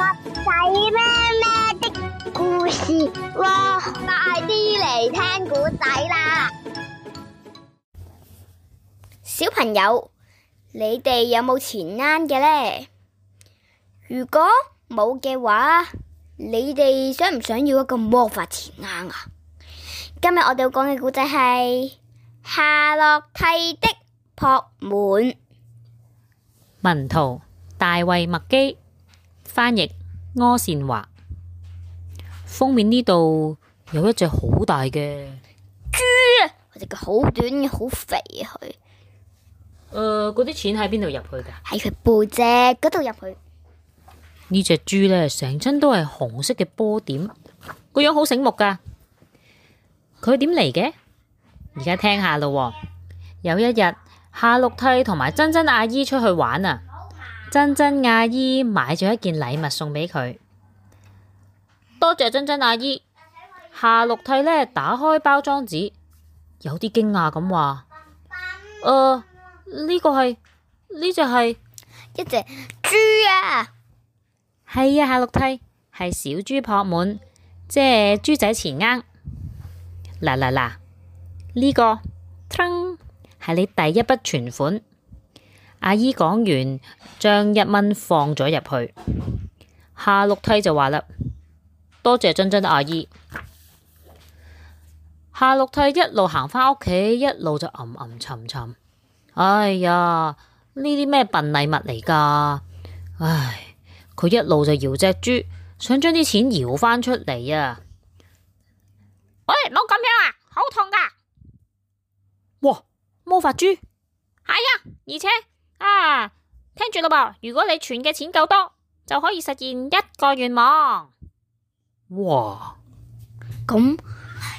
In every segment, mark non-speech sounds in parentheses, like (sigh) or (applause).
仔咩咩的故事喎，快啲嚟聽古仔啦！小朋友，你哋有冇錢罌嘅呢？如果冇嘅話，你哋想唔想要一個魔法錢罌啊？今日我哋要講嘅古仔係夏綠蒂的撲滿，文圖大衛麥基。翻譯柯倩華，封面呢度有一隻好大嘅豬，隻腳好短好肥啊！佢嗰啲錢喺邊度入去噶？喺佢背脊嗰度入去。呢隻豬呢，成身都係紅色嘅波點，個樣好醒目噶。佢點嚟嘅？而家聽下咯。有一日，夏綠蒂同埋珍珍阿姨出去玩啊！珍珍阿姨買咗一件禮物送畀佢，多謝珍珍阿姨。夏綠蒂呢，打開包裝紙，有啲驚訝咁話：誒、呃，呢、這個係呢隻係一隻豬啊！係啊，夏綠蒂係小豬撲滿，即係豬仔錢罌。嗱嗱嗱，呢、這個，係、呃、你第一筆存款。阿姨講完，將一蚊放咗入去。夏綠蒂就話啦：多謝珍珍阿姨。夏綠蒂一路行翻屋企，一路就吟吟沉沉。哎呀，呢啲咩笨禮物嚟噶？唉，佢一路就搖隻豬，想將啲錢搖翻出嚟啊！哎，唔好咁樣啊，好痛噶！哇，魔法豬？係啊，而且。啊！聽住啦噃，如果你存嘅錢夠多，就可以實現一個願望。哇！咁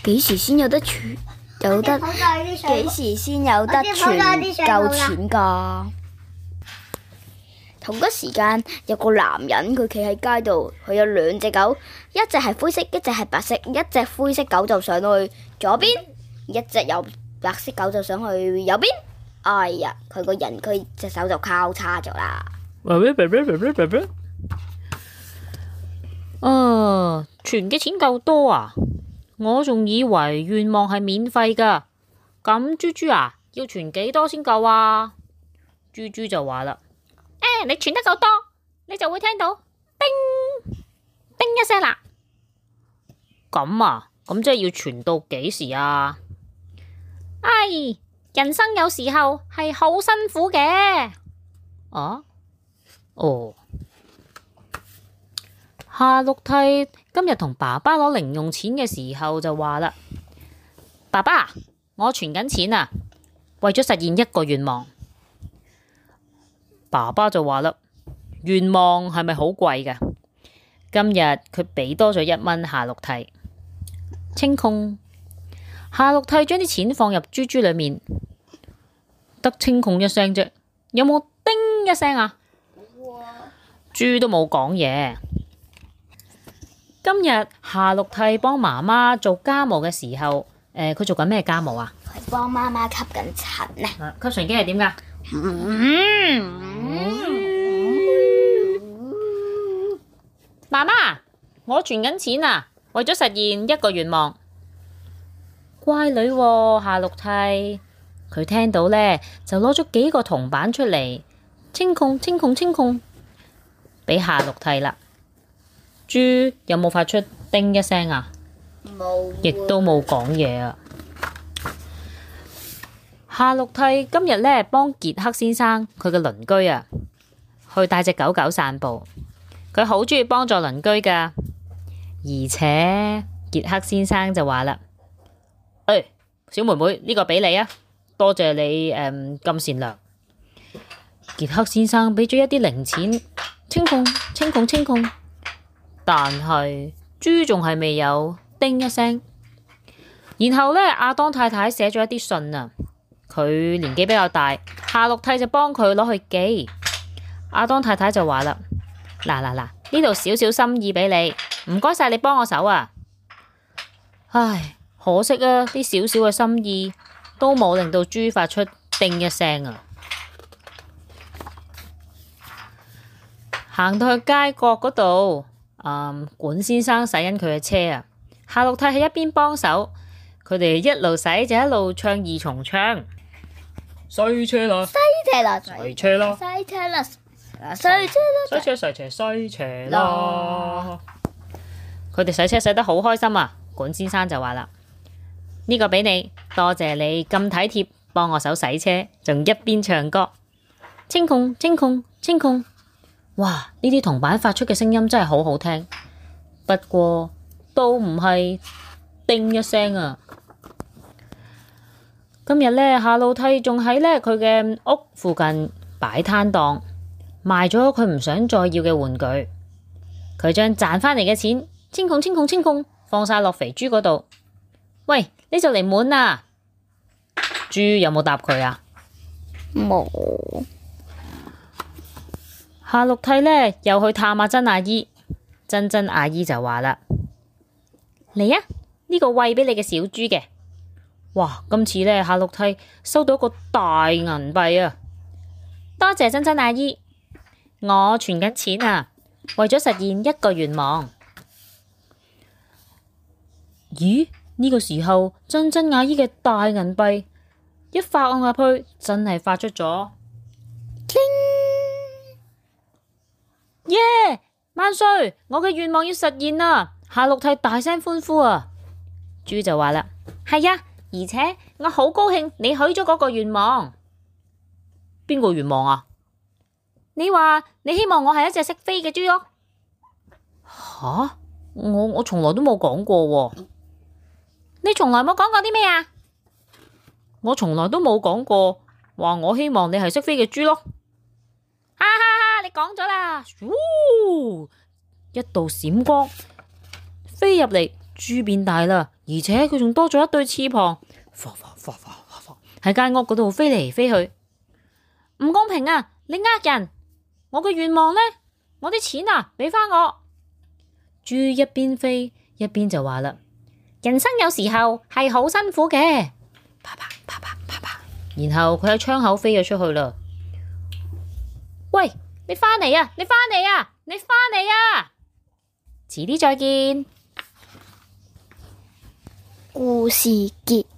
幾時先有得存？有得幾時先有得存夠錢㗎？同一時間，有個男人佢企喺街度，佢有兩隻狗，一隻係灰色，一隻係白色。一隻灰色狗就上去左邊，一隻有白色狗就上去右邊。哎呀，佢個人佢隻手就交叉咗啦。哦、呃，存嘅錢夠多啊！我仲以為願望係免費噶。咁豬豬啊，要存幾多先夠啊？豬豬就話啦：誒、欸，你存得夠多，你就會聽到叮叮一聲啦。咁啊，咁即係要存到幾時啊？哎。人生有時候係好辛苦嘅、啊。哦，哦，夏綠蒂今日同爸爸攞零用錢嘅時候就話啦，爸爸，我存緊錢啊，為咗實現一個願望。爸爸就話啦，願望係咪好貴㗎？今日佢俾多咗一蚊，夏綠蒂清空。夏綠蒂將啲錢放入豬豬裏面，得清空一聲啫，有冇叮一聲啊？豬 Yeah. 都冇講嘢。今日夏綠蒂幫媽媽做家務嘅時候，佢、呃、做緊咩家務啊？佢幫媽媽吸緊塵啊，啊！吸塵機係點噶？媽媽，我存緊錢啊，為咗實現一個願望。乖女、啊、夏綠蒂佢聽到呢，就攞咗幾個銅板出嚟，清控、清控、清控，畀夏綠蒂啦。豬有冇發出叮一聲啊？冇，亦都冇講嘢啊。夏綠蒂今日呢，幫傑克先生佢嘅鄰居啊，去帶隻狗狗散步。佢好中意幫助鄰居噶，而且傑克先生就話啦。Hey, 小妹妹，呢、這個俾你啊！多謝你咁、嗯、善良。傑克先生俾咗一啲零錢，清控清控清控，但係豬仲係未有叮一聲。然後呢，阿當太太寫咗一啲信啊，佢年紀比較大，夏綠蒂就幫佢攞去寄。阿當太太就話啦：嗱嗱嗱，呢度少少心意俾你，唔該晒你幫我手啊！唉。可惜啊，啲少少嘅心意都冇令到豬發出叮一聲啊！行到去街角嗰度，嗯，管先生洗緊佢嘅車啊，夏綠蒂喺一邊幫手，佢哋一路洗就一路唱二重唱，衰車咯，衰車咯，衰車咯，衰車咯，洗車咯，洗車衰斜衰斜咯，佢哋、呃、洗車洗得好開心啊！管先生就話啦。呢個畀你，多謝你咁體貼，幫我手洗車，仲一邊唱歌。清控清控清控，哇！呢啲銅板發出嘅聲音真係好好聽。不過都唔係叮一聲啊。今日呢，夏綠蒂，仲喺呢佢嘅屋附近擺攤檔，賣咗佢唔想再要嘅玩具。佢將賺翻嚟嘅錢，清控清控清控，放晒落肥豬嗰度。喂，就滿有有有呢就嚟滿啦，豬有冇答佢啊？冇。夏綠蒂呢又去探下珍阿姨，珍珍阿姨就話啦：嚟 (laughs) 啊，呢、呢個，喂俾你嘅小豬嘅。哇，今次呢，夏綠蒂收到個大銀幣啊！多謝珍珍阿姨，我存緊錢啊，為咗實現一個願望。咦？呢個時候，珍珍阿姨嘅大銀幣一發按入去，真係發出咗。耶叮！萬歲、yeah!！我嘅願望要實現啦！夏綠蒂大聲歡呼啊！豬就話啦：，係啊，而且我好高興你許咗嗰個願望。邊個願望啊？你話你希望我係一隻識飛嘅豬咯、哦？吓！我我從來都冇講過喎。你從來冇講過啲咩啊？我從來都冇講過話。我希望你係識飛嘅豬咯，哈哈哈！你講咗啦，咻，一道閃光飛入嚟，豬變大啦，而且佢仲多咗一對翅膀，喺間屋嗰度飛嚟飛去，唔公平啊！你呃人，我嘅願望呢？我啲錢啊，畀返我。豬一邊飛一邊就話啦。人生有時候係好辛苦嘅。啪啪啪啪啪啪，爸爸爸爸，然後佢喺窗口飛咗出去啦。喂，你翻嚟啊！你翻嚟啊！你翻嚟啊！遲啲再見，故事結。